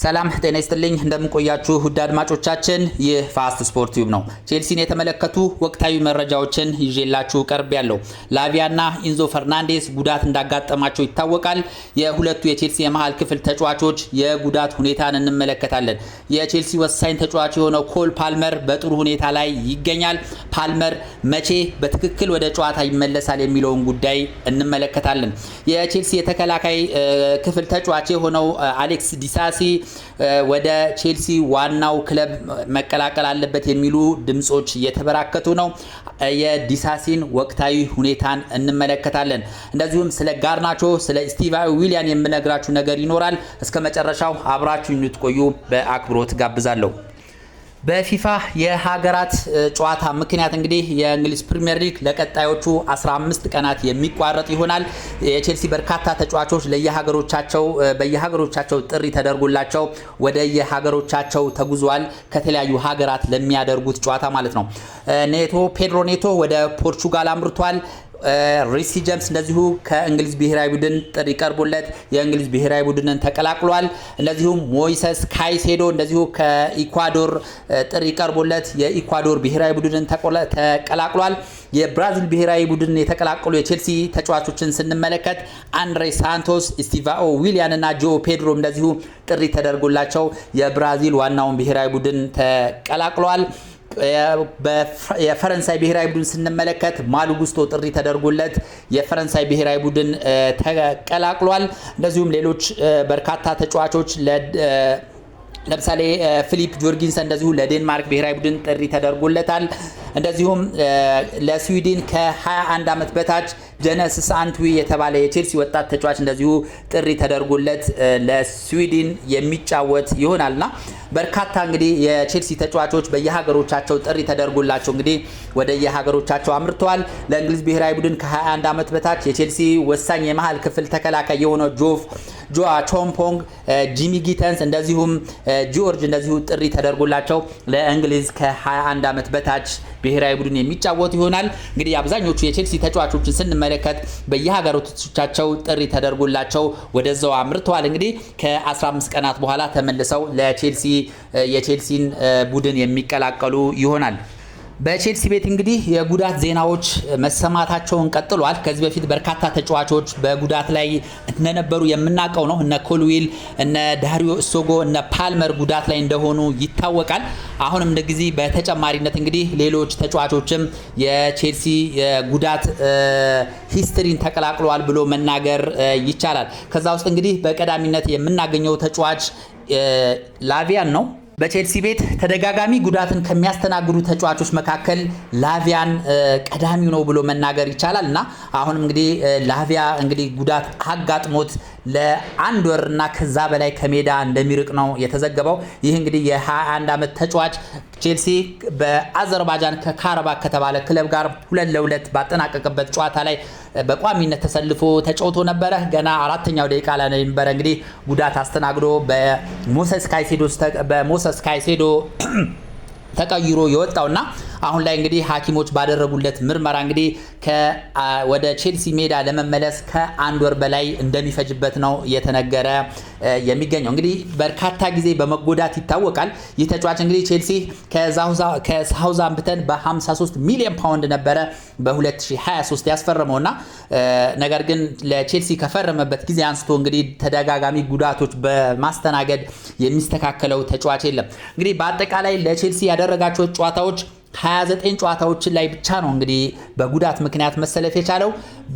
ሰላም ጤና ይስጥልኝ፣ እንደምንቆያችሁ ውድ አድማጮቻችን፣ ይህ ፋስት ስፖርት ዩብ ነው። ቼልሲን የተመለከቱ ወቅታዊ መረጃዎችን ይዤላችሁ ቀርብ ያለው ላቪያና ኢንዞ ፈርናንዴስ ጉዳት እንዳጋጠማቸው ይታወቃል። የሁለቱ የቼልሲ የመሀል ክፍል ተጫዋቾች የጉዳት ሁኔታን እንመለከታለን። የቼልሲ ወሳኝ ተጫዋች የሆነው ኮል ፓልመር በጥሩ ሁኔታ ላይ ይገኛል። ፓልመር መቼ በትክክል ወደ ጨዋታ ይመለሳል የሚለውን ጉዳይ እንመለከታለን። የቼልሲ የተከላካይ ክፍል ተጫዋች የሆነው አሌክስ ዲሳሲ ወደ ቼልሲ ዋናው ክለብ መቀላቀል አለበት የሚሉ ድምጾች እየተበራከቱ ነው። የዲሳሲን ወቅታዊ ሁኔታን እንመለከታለን። እንደዚሁም ስለ ጋርናቾ፣ ስለ ስቲቫ ዊሊያን የምነግራችሁ ነገር ይኖራል። እስከ መጨረሻው አብራችሁ እንድትቆዩ በአክብሮት ጋብዛለሁ። በፊፋ የሀገራት ጨዋታ ምክንያት እንግዲህ የእንግሊዝ ፕሪምየር ሊግ ለቀጣዮቹ 15 ቀናት የሚቋረጥ ይሆናል። የቼልሲ በርካታ ተጫዋቾች ለየሀገሮቻቸው በየሀገሮቻቸው ጥሪ ተደርጎላቸው ወደ የሀገሮቻቸው ተጉዟል። ከተለያዩ ሀገራት ለሚያደርጉት ጨዋታ ማለት ነው። ኔቶ ፔድሮ ኔቶ ወደ ፖርቹጋል አምርቷል። ሪሲ ጀምስ እንደዚሁ ከእንግሊዝ ብሔራዊ ቡድን ጥሪ ቀርቦለት የእንግሊዝ ብሔራዊ ቡድንን ተቀላቅሏል። እንደዚሁም ሞይሰስ ካይሴዶ እንደዚሁ ከኢኳዶር ጥሪ ቀርቦለት የኢኳዶር ብሔራዊ ቡድንን ተቀላቅሏል። የብራዚል ብሔራዊ ቡድን የተቀላቀሉ የቼልሲ ተጫዋቾችን ስንመለከት አንድሬ ሳንቶስ፣ ስቲቫኦ ዊሊያን እና ጆ ፔድሮ እንደዚሁ ጥሪ ተደርጎላቸው የብራዚል ዋናውን ብሔራዊ ቡድን ተቀላቅለዋል። የፈረንሳይ ብሔራዊ ቡድን ስንመለከት ማልጉስቶ ጥሪ ተደርጎለት የፈረንሳይ ብሔራዊ ቡድን ተቀላቅሏል። እንደዚሁም ሌሎች በርካታ ተጫዋቾች ለምሳሌ ፊሊፕ ጆርጊንሰ እንደዚሁ ለዴንማርክ ብሔራዊ ቡድን ጥሪ ተደርጎለታል። እንደዚሁም ለስዊድን ከ21 ዓመት በታች ጀነስስ አንትዊ የተባለ የቼልሲ ወጣት ተጫዋች እንደዚሁ ጥሪ ተደርጎለት ለስዊድን የሚጫወት ይሆናልና በርካታ እንግዲህ የቼልሲ ተጫዋቾች በየሀገሮቻቸው ጥሪ ተደርጎላቸው እንግዲህ ወደ የሀገሮቻቸው አምርተዋል። ለእንግሊዝ ብሔራዊ ቡድን ከ21 ዓመት በታች የቼልሲ ወሳኝ የመሀል ክፍል ተከላካይ የሆነው ጆፍ ጆአ ቾምፖንግ፣ ጂሚ ጊተንስ እንደዚሁም ጆርጅ እንደዚሁ ጥሪ ተደርጎላቸው ለእንግሊዝ ከ21 ዓመት በታች ብሔራዊ ቡድን የሚጫወቱ ይሆናል። እንግዲህ አብዛኞቹ የቼልሲ ተጫዋቾችን ስንመለከት በየሀገሮቻቸው ጥሪ ተደርጎላቸው ወደዛው አምርተዋል። እንግዲህ ከ15 ቀናት በኋላ ተመልሰው ለቼልሲ የቼልሲን ቡድን የሚቀላቀሉ ይሆናል። በቼልሲ ቤት እንግዲህ የጉዳት ዜናዎች መሰማታቸውን ቀጥሏል። ከዚህ በፊት በርካታ ተጫዋቾች በጉዳት ላይ እንደነበሩ የምናውቀው ነው። እነ ኮልዊል፣ እነ ዳሪዮ እሶጎ፣ እነ ፓልመር ጉዳት ላይ እንደሆኑ ይታወቃል። አሁንም እንደጊዜ በተጨማሪነት እንግዲህ ሌሎች ተጫዋቾችም የቼልሲ የጉዳት ሂስትሪን ተቀላቅለዋል ብሎ መናገር ይቻላል። ከዛ ውስጥ እንግዲህ በቀዳሚነት የምናገኘው ተጫዋች ላቪያን ነው። በቼልሲ ቤት ተደጋጋሚ ጉዳትን ከሚያስተናግዱ ተጫዋቾች መካከል ላቪያን ቀዳሚው ነው ብሎ መናገር ይቻላል እና አሁንም እንግዲህ ላቪያ እንግዲህ ጉዳት አጋጥሞት ለአንድ ወርና ከዛ በላይ ከሜዳ እንደሚርቅ ነው የተዘገበው። ይህ እንግዲህ የ21 ዓመት ተጫዋች ቼልሲ በአዘርባጃን ከካረባ ከተባለ ክለብ ጋር ሁለት ለሁለት ባጠናቀቀበት ጨዋታ ላይ በቋሚነት ተሰልፎ ተጫውቶ ነበረ። ገና አራተኛው ደቂቃ ላይ ነበረ እንግዲህ ጉዳት አስተናግዶ በሞሰስ ካይሴዶ ተቀይሮ የወጣውና አሁን ላይ እንግዲህ ሐኪሞች ባደረጉለት ምርመራ እንግዲህ ወደ ቼልሲ ሜዳ ለመመለስ ከአንድ ወር በላይ እንደሚፈጅበት ነው እየተነገረ የሚገኘው። እንግዲህ በርካታ ጊዜ በመጎዳት ይታወቃል። ይህ ተጫዋች እንግዲህ ቼልሲ ከሳውዛምፕተን በ53 ሚሊዮን ፓውንድ ነበረ በ2023 ያስፈረመው እና ነገር ግን ለቼልሲ ከፈረመበት ጊዜ አንስቶ እንግዲህ ተደጋጋሚ ጉዳቶች በማስተናገድ የሚስተካከለው ተጫዋች የለም። እንግዲህ በአጠቃላይ ለቼልሲ ያደረጋቸው ጨዋታዎች 29 ጨዋታዎችን ላይ ብቻ ነው እንግዲህ በጉዳት ምክንያት መሰለፍ የቻለው።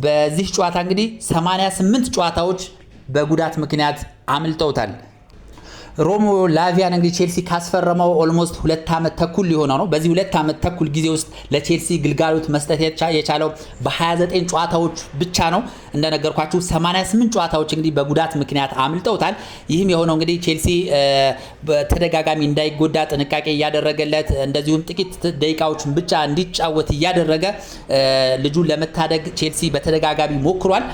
በዚህ ጨዋታ እንግዲህ 88 ጨዋታዎች በጉዳት ምክንያት አምልጠውታል። ሮሞ ላቪያን እንግዲህ ቼልሲ ካስፈረመው ኦልሞስት ሁለት ዓመት ተኩል ሊሆነው ነው። በዚህ ሁለት ዓመት ተኩል ጊዜ ውስጥ ለቼልሲ ግልጋሎት መስጠት የቻለው በ29 ጨዋታዎች ብቻ ነው። እንደነገርኳችሁ 88 ጨዋታዎች እንግዲህ በጉዳት ምክንያት አምልጠውታል። ይህም የሆነው እንግዲህ ቼልሲ ተደጋጋሚ እንዳይጎዳ ጥንቃቄ እያደረገለት፣ እንደዚሁም ጥቂት ደቂቃዎችን ብቻ እንዲጫወት እያደረገ ልጁን ለመታደግ ቼልሲ በተደጋጋሚ ሞክሯል።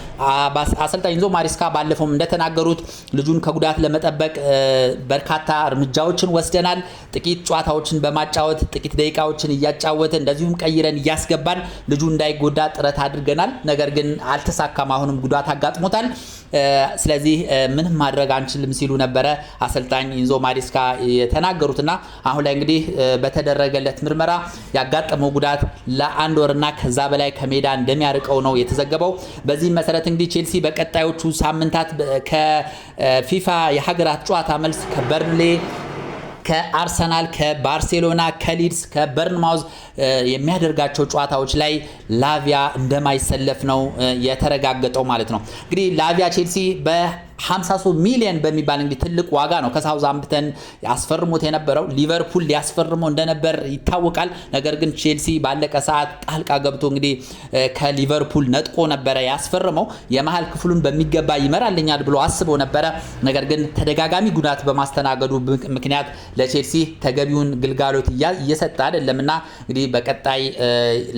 አሰልጣኝ ኢንዞ ማሪስካ ባለፈውም እንደተናገሩት ልጁን ከጉዳት ለመጠበቅ በርካታ እርምጃዎችን ወስደናል። ጥቂት ጨዋታዎችን በማጫወት ጥቂት ደቂቃዎችን እያጫወተ እንደዚሁም ቀይረን እያስገባን ልጁ እንዳይጎዳ ጥረት አድርገናል። ነገር ግን አልተሳካም። አሁንም ጉዳት አጋጥሞታል። ስለዚህ ምንም ማድረግ አንችልም ሲሉ ነበረ አሰልጣኝ ኢንዞ ማሪስካ የተናገሩትና አሁን ላይ እንግዲህ በተደረገለት ምርመራ ያጋጠመው ጉዳት ለአንድ ወርና ከዛ በላይ ከሜዳ እንደሚያርቀው ነው የተዘገበው። በዚህም መሰረት እንግዲህ ቼልሲ በቀጣዮቹ ሳምንታት ከፊፋ የሀገራት ጨዋታ መልስ ከበርንሌ ከአርሰናል፣ ከባርሴሎና፣ ከሊድስ፣ ከበርንማውዝ የሚያደርጋቸው ጨዋታዎች ላይ ላቪያ እንደማይሰለፍ ነው የተረጋገጠው ማለት ነው። እንግዲህ ላቪያ ቼልሲ በ 53 ሚሊዮን በሚባል እንግዲህ ትልቅ ዋጋ ነው ከሳውዛምፕተን ያስፈርሙት የነበረው። ሊቨርፑል ሊያስፈርመው እንደነበር ይታወቃል። ነገር ግን ቼልሲ ባለቀ ሰዓት ጣልቃ ገብቶ እንግዲህ ከሊቨርፑል ነጥቆ ነበረ ያስፈርመው። የመሀል ክፍሉን በሚገባ ይመራልኛል ብሎ አስቦ ነበረ። ነገር ግን ተደጋጋሚ ጉዳት በማስተናገዱ ምክንያት ለቼልሲ ተገቢውን ግልጋሎት እየሰጠ አይደለም እና እንግዲህ በቀጣይ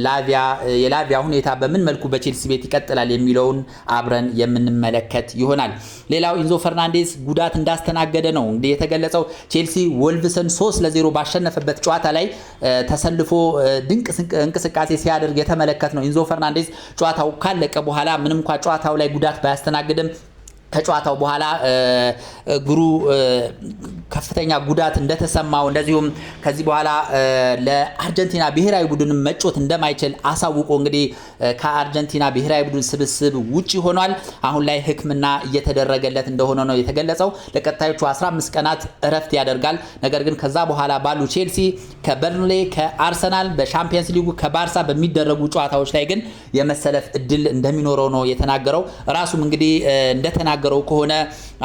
ላቪያ የላቪያ ሁኔታ በምን መልኩ በቼልሲ ቤት ይቀጥላል የሚለውን አብረን የምንመለከት ይሆናል። ሌላው ኢንዞ ፈርናንዴስ ጉዳት እንዳስተናገደ ነው እንግዲህ የተገለጸው። ቼልሲ ወልቭስን 3 ለ0 ባሸነፈበት ጨዋታ ላይ ተሰልፎ ድንቅ እንቅስቃሴ ሲያደርግ የተመለከት ነው። ኢንዞ ፈርናንዴስ ጨዋታው ካለቀ በኋላ ምንም እንኳ ጨዋታው ላይ ጉዳት ባያስተናግድም ከጨዋታው በኋላ እግሩ ከፍተኛ ጉዳት እንደተሰማው እንደዚሁም ከዚህ በኋላ ለአርጀንቲና ብሔራዊ ቡድን መጮት እንደማይችል አሳውቆ እንግዲህ ከአርጀንቲና ብሔራዊ ቡድን ስብስብ ውጭ ሆኗል። አሁን ላይ ሕክምና እየተደረገለት እንደሆነ ነው የተገለጸው። ለቀጣዮቹ 15 ቀናት እረፍት ያደርጋል። ነገር ግን ከዛ በኋላ ባሉ ቼልሲ፣ ከበርንሌ፣ ከአርሰናል፣ በሻምፒየንስ ሊጉ ከባርሳ በሚደረጉ ጨዋታዎች ላይ ግን የመሰለፍ እድል እንደሚኖረው ነው የተናገረው። ራሱም እንግዲህ እንደተና እንደሚናገረው ከሆነ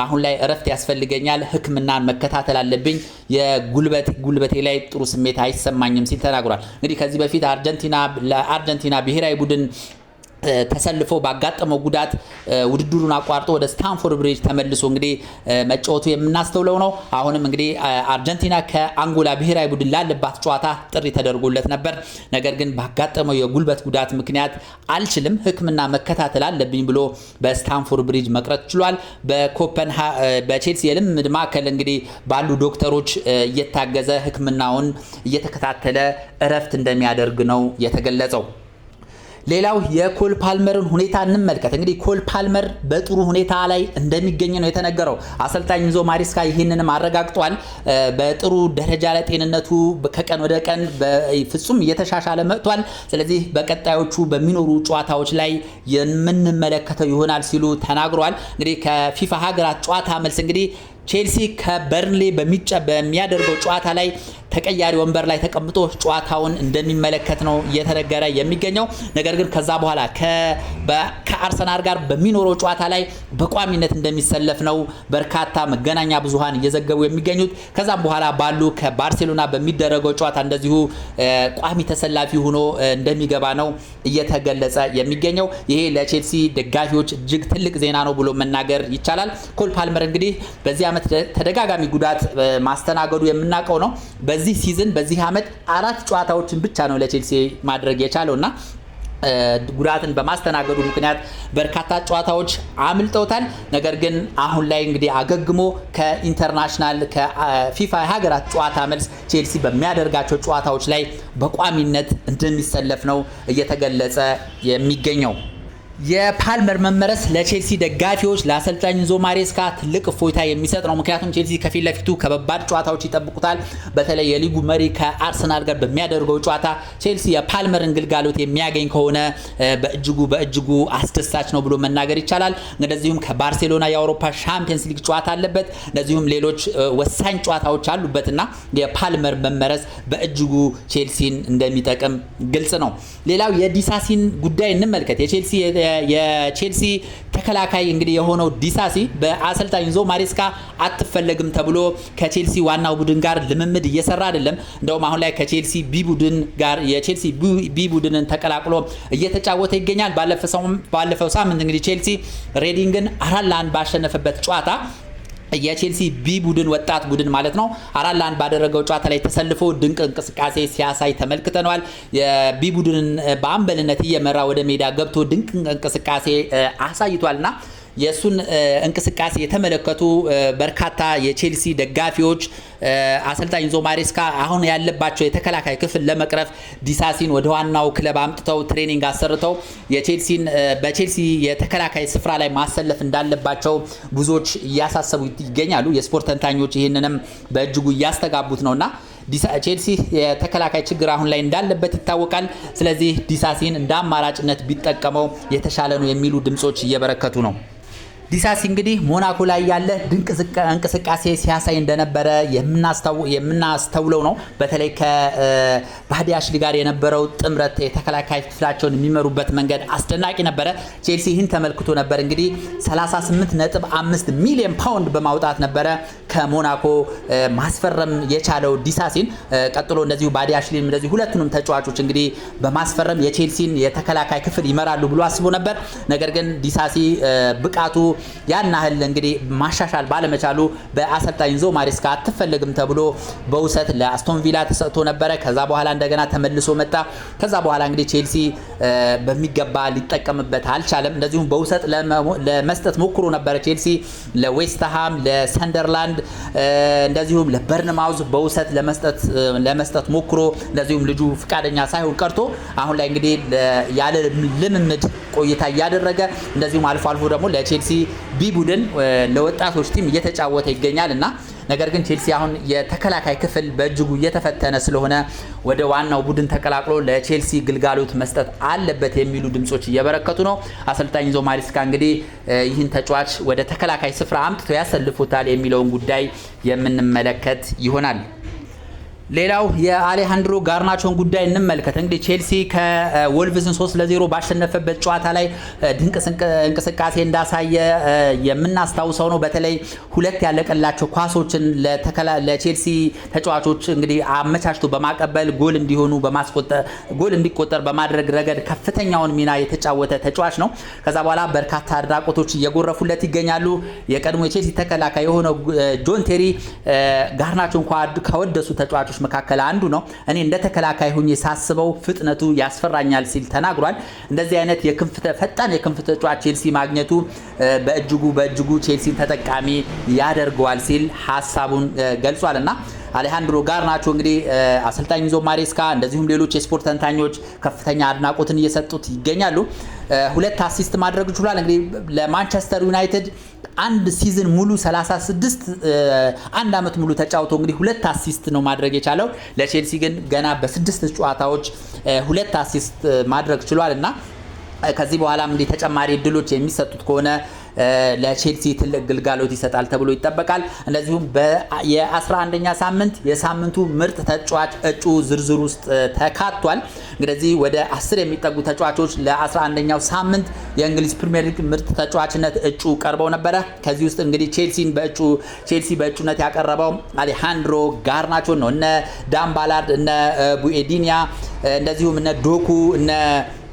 አሁን ላይ እረፍት ያስፈልገኛል፣ ሕክምናን መከታተል አለብኝ፣ የጉልበት ጉልበቴ ላይ ጥሩ ስሜት አይሰማኝም ሲል ተናግሯል። እንግዲህ ከዚህ በፊት አርጀንቲና ለአርጀንቲና ብሔራዊ ቡድን ተሰልፎ ባጋጠመው ጉዳት ውድድሩን አቋርጦ ወደ ስታንፎርድ ብሪጅ ተመልሶ እንግዲህ መጫወቱ የምናስተውለው ነው። አሁንም እንግዲህ አርጀንቲና ከአንጎላ ብሔራዊ ቡድን ላለባት ጨዋታ ጥሪ ተደርጎለት ነበር። ነገር ግን ባጋጠመው የጉልበት ጉዳት ምክንያት አልችልም፣ ሕክምና መከታተል አለብኝ ብሎ በስታንፎርድ ብሪጅ መቅረት ችሏል። በቼልሲ የልምድ ማዕከል እንግዲህ ባሉ ዶክተሮች እየታገዘ ሕክምናውን እየተከታተለ እረፍት እንደሚያደርግ ነው የተገለጸው። ሌላው የኮል ፓልመርን ሁኔታ እንመልከት። እንግዲህ ኮል ፓልመር በጥሩ ሁኔታ ላይ እንደሚገኝ ነው የተነገረው። አሰልጣኝ ኢንዞ ማሪስካ ይህንንም አረጋግጧል። በጥሩ ደረጃ ላይ ጤንነቱ ከቀን ወደ ቀን ፍጹም እየተሻሻለ መጥቷል። ስለዚህ በቀጣዮቹ በሚኖሩ ጨዋታዎች ላይ የምንመለከተው ይሆናል ሲሉ ተናግሯል። እንግዲህ ከፊፋ ሀገራት ጨዋታ መልስ እንግዲህ ቼልሲ ከበርንሌ በሚያደርገው ጨዋታ ላይ ተቀያሪ ወንበር ላይ ተቀምጦ ጨዋታውን እንደሚመለከት ነው እየተነገረ የሚገኘው። ነገር ግን ከዛ በኋላ ከአርሰናል ጋር በሚኖረው ጨዋታ ላይ በቋሚነት እንደሚሰለፍ ነው በርካታ መገናኛ ብዙሃን እየዘገቡ የሚገኙት። ከዛም በኋላ ባሉ ከባርሴሎና በሚደረገው ጨዋታ እንደዚሁ ቋሚ ተሰላፊ ሆኖ እንደሚገባ ነው እየተገለጸ የሚገኘው። ይሄ ለቼልሲ ደጋፊዎች እጅግ ትልቅ ዜና ነው ብሎ መናገር ይቻላል። ኮል ፓልመር እንግዲህ በዚያ ዓመት ተደጋጋሚ ጉዳት ማስተናገዱ የምናውቀው ነው። በዚህ ሲዝን በዚህ ዓመት አራት ጨዋታዎችን ብቻ ነው ለቼልሲ ማድረግ የቻለው እና ጉዳትን በማስተናገዱ ምክንያት በርካታ ጨዋታዎች አምልጠውታል። ነገር ግን አሁን ላይ እንግዲህ አገግሞ ከኢንተርናሽናል ከፊፋ የሀገራት ጨዋታ መልስ ቼልሲ በሚያደርጋቸው ጨዋታዎች ላይ በቋሚነት እንደሚሰለፍ ነው እየተገለጸ የሚገኘው። የፓልመር መመረስ ለቼልሲ ደጋፊዎች ለአሰልጣኝ ኢንዞ ማሬስካ ትልቅ እፎይታ የሚሰጥ ነው። ምክንያቱም ቼልሲ ከፊት ለፊቱ ከባድ ጨዋታዎች ይጠብቁታል። በተለይ የሊጉ መሪ ከአርሰናል ጋር በሚያደርገው ጨዋታ ቼልሲ የፓልመርን ግልጋሎት የሚያገኝ ከሆነ በእጅጉ በእጅጉ አስደሳች ነው ብሎ መናገር ይቻላል። እንደዚሁም ከባርሴሎና የአውሮፓ ሻምፒየንስ ሊግ ጨዋታ አለበት። እንደዚሁም ሌሎች ወሳኝ ጨዋታዎች አሉበትና የፓልመር መመረስ በእጅጉ ቼልሲን እንደሚጠቅም ግልጽ ነው። ሌላው የዲሳሲን ጉዳይ እንመልከት። የቼልሲ የቼልሲ ተከላካይ እንግዲህ የሆነው ዲሳሲ በአሰልጣኝ ዞ ማሬስካ አትፈለግም ተብሎ ከቼልሲ ዋናው ቡድን ጋር ልምምድ እየሰራ አይደለም። እንደውም አሁን ላይ ከቼልሲ ቢ ቡድን ጋር የቼልሲ ቢ ቡድንን ተቀላቅሎ እየተጫወተ ይገኛል። ባለፈው ሳምንት እንግዲህ ቼልሲ ሬዲንግን አራት ለአንድ ባሸነፈበት ጨዋታ የቼልሲ ቢ ቡድን ወጣት ቡድን ማለት ነው አራት ለአንድ ባደረገው ጨዋታ ላይ ተሰልፎ ድንቅ እንቅስቃሴ ሲያሳይ ተመልክተነዋል። የቢ ቡድንን በአምበልነት እየመራ ወደ ሜዳ ገብቶ ድንቅ እንቅስቃሴ አሳይቷልና የእሱን እንቅስቃሴ የተመለከቱ በርካታ የቼልሲ ደጋፊዎች አሰልጣኝ ኢንዞ ማሬስካ አሁን ያለባቸው የተከላካይ ክፍል ለመቅረፍ ዲሳሲን ወደ ዋናው ክለብ አምጥተው ትሬኒንግ አሰርተው የቼልሲን በቼልሲ የተከላካይ ስፍራ ላይ ማሰለፍ እንዳለባቸው ብዙዎች እያሳሰቡ ይገኛሉ። የስፖርት ተንታኞች ይህንንም በእጅጉ እያስተጋቡት ነውና ቼልሲ የተከላካይ ችግር አሁን ላይ እንዳለበት ይታወቃል። ስለዚህ ዲሳሲን እንደ አማራጭነት ቢጠቀመው የተሻለ ነው የሚሉ ድምጾች እየበረከቱ ነው። ዲሳሲ እንግዲህ ሞናኮ ላይ ያለ ድንቅ እንቅስቃሴ ሲያሳይ እንደነበረ የምናስተውለው ነው። በተለይ ከባዲያሽሊ ጋር የነበረው ጥምረት የተከላካይ ክፍላቸውን የሚመሩበት መንገድ አስደናቂ ነበረ። ቼልሲ ይህን ተመልክቶ ነበር እንግዲህ 38.5 ሚሊዮን ፓውንድ በማውጣት ነበረ ከሞናኮ ማስፈረም የቻለው ዲሳሲን ቀጥሎ እንደዚሁ ባዲ አሽሊን እንደዚሁ ሁለቱንም ተጫዋቾች እንግዲህ በማስፈረም የቼልሲን የተከላካይ ክፍል ይመራሉ ብሎ አስቦ ነበር። ነገር ግን ዲሳሲ ብቃቱ ያን ያህል እንግዲህ ማሻሻል ባለመቻሉ በአሰልጣኝ ኢንዞ ማሬስካ አትፈልግም ተብሎ በውሰት ለአስቶን ቪላ ተሰጥቶ ነበረ። ከዛ በኋላ እንደገና ተመልሶ መጣ። ከዛ በኋላ እንግዲህ ቼልሲ በሚገባ ሊጠቀምበት አልቻለም። እንደዚሁም በውሰት ለመስጠት ሞክሮ ነበረ ቼልሲ ለዌስትሃም፣ ለሰንደርላንድ እንደዚሁም ለበርንማውዝ በውሰት ለመስጠት ሞክሮ እንደዚሁም ልጁ ፍቃደኛ ሳይሆን ቀርቶ አሁን ላይ እንግዲህ ያለ ልምምድ ቆይታ እያደረገ እንደዚሁም አልፎ አልፎ ደግሞ ለቼልሲ ቢ ቡድን ለወጣቶች ቲም እየተጫወተ ይገኛል እና ነገር ግን ቼልሲ አሁን የተከላካይ ክፍል በእጅጉ እየተፈተነ ስለሆነ ወደ ዋናው ቡድን ተቀላቅሎ ለቼልሲ ግልጋሎት መስጠት አለበት የሚሉ ድምጾች እየበረከቱ ነው። አሰልጣኝ ኢንዞ ማሪስካ እንግዲህ ይህን ተጫዋች ወደ ተከላካይ ስፍራ አምጥቶ ያሰልፉታል የሚለውን ጉዳይ የምንመለከት ይሆናል። ሌላው የአሌሃንድሮ ጋርናቾን ጉዳይ እንመልከት። እንግዲህ ቼልሲ ከወልቭዝን 3 ለ0 ባሸነፈበት ጨዋታ ላይ ድንቅ እንቅስቃሴ እንዳሳየ የምናስታውሰው ነው። በተለይ ሁለት ያለቀላቸው ኳሶችን ለቼልሲ ተጫዋቾች እንግዲህ አመቻችቶ በማቀበል ጎል እንዲሆኑ በማስቆጠር ጎል እንዲቆጠር በማድረግ ረገድ ከፍተኛውን ሚና የተጫወተ ተጫዋች ነው። ከዛ በኋላ በርካታ አድናቆቶች እየጎረፉለት ይገኛሉ። የቀድሞ የቼልሲ ተከላካይ የሆነው ጆን ቴሪ ጋርናቾን ከወደሱ ተጫዋቾች መካከል አንዱ ነው። እኔ እንደ ተከላካይ ሁኜ ሳስበው ፍጥነቱ ያስፈራኛል ሲል ተናግሯል። እንደዚህ አይነት ፈጣን የክንፍ ተጫዋች ቼልሲ ማግኘቱ በእጅጉ በእጅጉ ቼልሲን ተጠቃሚ ያደርገዋል ሲል ሀሳቡን ገልጿል እና አሌሃንድሮ ጋር ናቸው እንግዲህ አሰልጣኝ ዞ ማሬስካ እንደዚሁም ሌሎች የስፖርት ተንታኞች ከፍተኛ አድናቆትን እየሰጡት ይገኛሉ። ሁለት አሲስት ማድረግ ችሏል። እንግዲህ ለማንቸስተር ዩናይትድ አንድ ሲዝን ሙሉ 36 አንድ አመት ሙሉ ተጫውቶ እንግዲህ ሁለት አሲስት ነው ማድረግ የቻለው። ለቼልሲ ግን ገና በስድስት ጨዋታዎች ሁለት አሲስት ማድረግ ችሏል እና ከዚህ በኋላም እንዲህ ተጨማሪ እድሎች የሚሰጡት ከሆነ ለቼልሲ ትልቅ ግልጋሎት ይሰጣል ተብሎ ይጠበቃል። እንደዚሁም የ11ኛ ሳምንት የሳምንቱ ምርጥ ተጫዋች እጩ ዝርዝር ውስጥ ተካቷል። እንግዲህ ወደ 10 የሚጠጉ ተጫዋቾች ለ11ኛው ሳምንት የእንግሊዝ ፕሪሚየር ሊግ ምርጥ ተጫዋችነት እጩ ቀርበው ነበረ። ከዚህ ውስጥ እንግዲህ ቼልሲን በእጩ ቼልሲ በእጩነት ያቀረበው አሌሃንድሮ ጋርናቾ ነው። እነ ዳምባላርድ፣ እነ ቡኤዲኒያ እንደዚሁም እነ ዶኩ እነ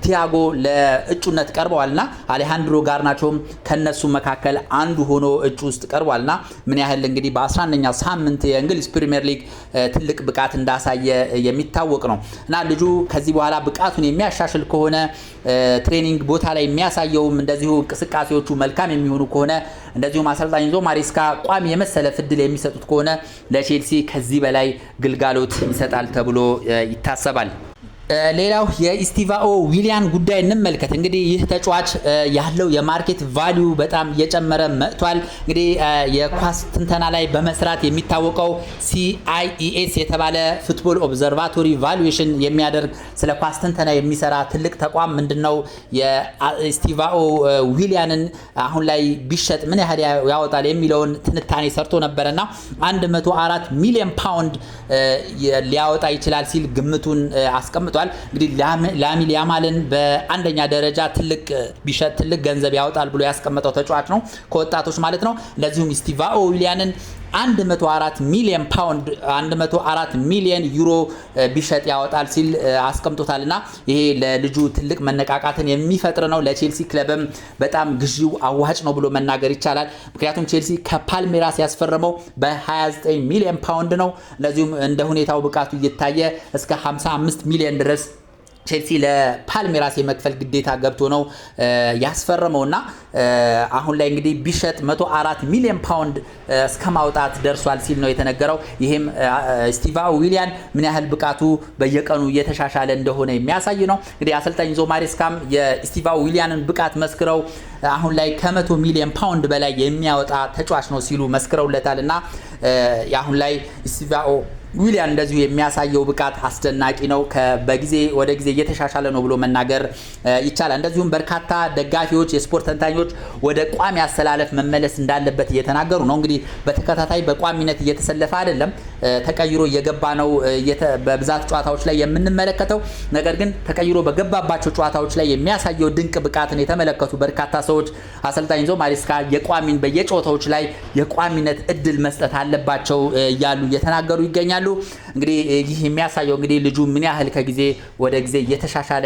ቲያጎ ለእጩነት ቀርበዋልና አሌሃንድሮ ጋርናቾም ከነሱ መካከል አንዱ ሆኖ እጩ ውስጥ ቀርቧልና ምን ያህል እንግዲህ በ11ኛ ሳምንት የእንግሊዝ ፕሪምየር ሊግ ትልቅ ብቃት እንዳሳየ የሚታወቅ ነው እና ልጁ ከዚህ በኋላ ብቃቱን የሚያሻሽል ከሆነ ትሬኒንግ ቦታ ላይ የሚያሳየውም እንደዚሁ እንቅስቃሴዎቹ መልካም የሚሆኑ ከሆነ እንደዚሁም አሰልጣኝ ዞ ማሪስካ ቋሚ የመሰለ ፍድል የሚሰጡት ከሆነ ለቼልሲ ከዚህ በላይ ግልጋሎት ይሰጣል ተብሎ ይታሰባል። ሌላው የኢስቲቫኦ ዊሊያን ጉዳይ እንመልከት። እንግዲህ ይህ ተጫዋች ያለው የማርኬት ቫሊዩ በጣም እየጨመረ መጥቷል። እንግዲህ የኳስ ትንተና ላይ በመስራት የሚታወቀው ሲአይኢኤስ የተባለ ፉትቦል ኦብዘርቫቶሪ ቫሉዌሽን የሚያደርግ ስለ ኳስ ትንተና የሚሰራ ትልቅ ተቋም ምንድን ነው የኢስቲቫኦ ዊሊያንን አሁን ላይ ቢሸጥ ምን ያህል ያወጣል የሚለውን ትንታኔ ሰርቶ ነበረና 104 ሚሊዮን ፓውንድ ሊያወጣ ይችላል ሲል ግምቱን አስቀምጧል። ተገዝቷል። እንግዲህ ላሚን ያማልን በአንደኛ ደረጃ ትልቅ ቢሸጥ ትልቅ ገንዘብ ያወጣል ብሎ ያስቀመጠው ተጫዋች ነው፣ ከወጣቶች ማለት ነው። እንደዚሁም ስቲቫኦ ዊሊያንን 104 ሚሊዮን ፓውንድ 104 ሚሊዮን ዩሮ ቢሸጥ ያወጣል ሲል አስቀምጦታል። እና ይሄ ለልጁ ትልቅ መነቃቃትን የሚፈጥር ነው። ለቼልሲ ክለብም በጣም ግዢው አዋጭ ነው ብሎ መናገር ይቻላል። ምክንያቱም ቼልሲ ከፓልሜራስ ያስፈረመው በ29 ሚሊዮን ፓውንድ ነው። እንደዚሁም እንደ ሁኔታው ብቃቱ እየታየ እስከ 55 ሚሊዮን ድረስ ቼልሲ ለፓልሜራስ የመክፈል ግዴታ ገብቶ ነው ያስፈረመውና አሁን ላይ እንግዲህ ቢሸጥ 104 ሚሊዮን ፓውንድ እስከ ማውጣት ደርሷል ሲል ነው የተነገረው። ይህም ስቲቫ ዊሊያን ምን ያህል ብቃቱ በየቀኑ እየተሻሻለ እንደሆነ የሚያሳይ ነው። እንግዲህ አሰልጣኝ ዞ ማሬስካም የስቲቫ ዊሊያንን ብቃት መስክረው አሁን ላይ ከመቶ ሚሊዮን ፓውንድ በላይ የሚያወጣ ተጫዋች ነው ሲሉ መስክረውለታል እና አሁን ላይ ስቲቫ ዊሊያን እንደዚሁ የሚያሳየው ብቃት አስደናቂ ነው። በጊዜ ወደ ጊዜ እየተሻሻለ ነው ብሎ መናገር ይቻላል። እንደዚሁም በርካታ ደጋፊዎች፣ የስፖርት ተንታኞች ወደ ቋሚ አሰላለፍ መመለስ እንዳለበት እየተናገሩ ነው። እንግዲህ በተከታታይ በቋሚነት እየተሰለፈ አይደለም፣ ተቀይሮ እየገባ ነው በብዛት ጨዋታዎች ላይ የምንመለከተው። ነገር ግን ተቀይሮ በገባባቸው ጨዋታዎች ላይ የሚያሳየው ድንቅ ብቃትን የተመለከቱ በርካታ ሰዎች አሰልጣኝ ይዞ ማሪስካ የቋሚን በየጨዋታዎች ላይ የቋሚነት እድል መስጠት አለባቸው እያሉ እየተናገሩ ይገኛሉ። ይገኛሉ። እንግዲህ ይህ የሚያሳየው እንግዲህ ልጁ ምን ያህል ከጊዜ ወደ ጊዜ እየተሻሻለ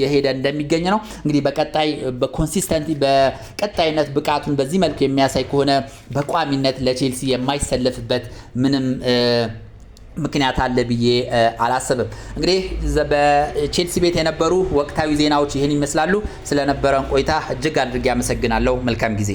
የሄደ እንደሚገኝ ነው። እንግዲህ በቀጣይ በኮንሲስተንቲ በቀጣይነት ብቃቱን በዚህ መልኩ የሚያሳይ ከሆነ በቋሚነት ለቼልሲ የማይሰለፍበት ምንም ምክንያት አለ ብዬ አላስብም። እንግዲህ በቼልሲ ቤት የነበሩ ወቅታዊ ዜናዎች ይህን ይመስላሉ። ስለነበረን ቆይታ እጅግ አድርጌ አመሰግናለሁ። መልካም ጊዜ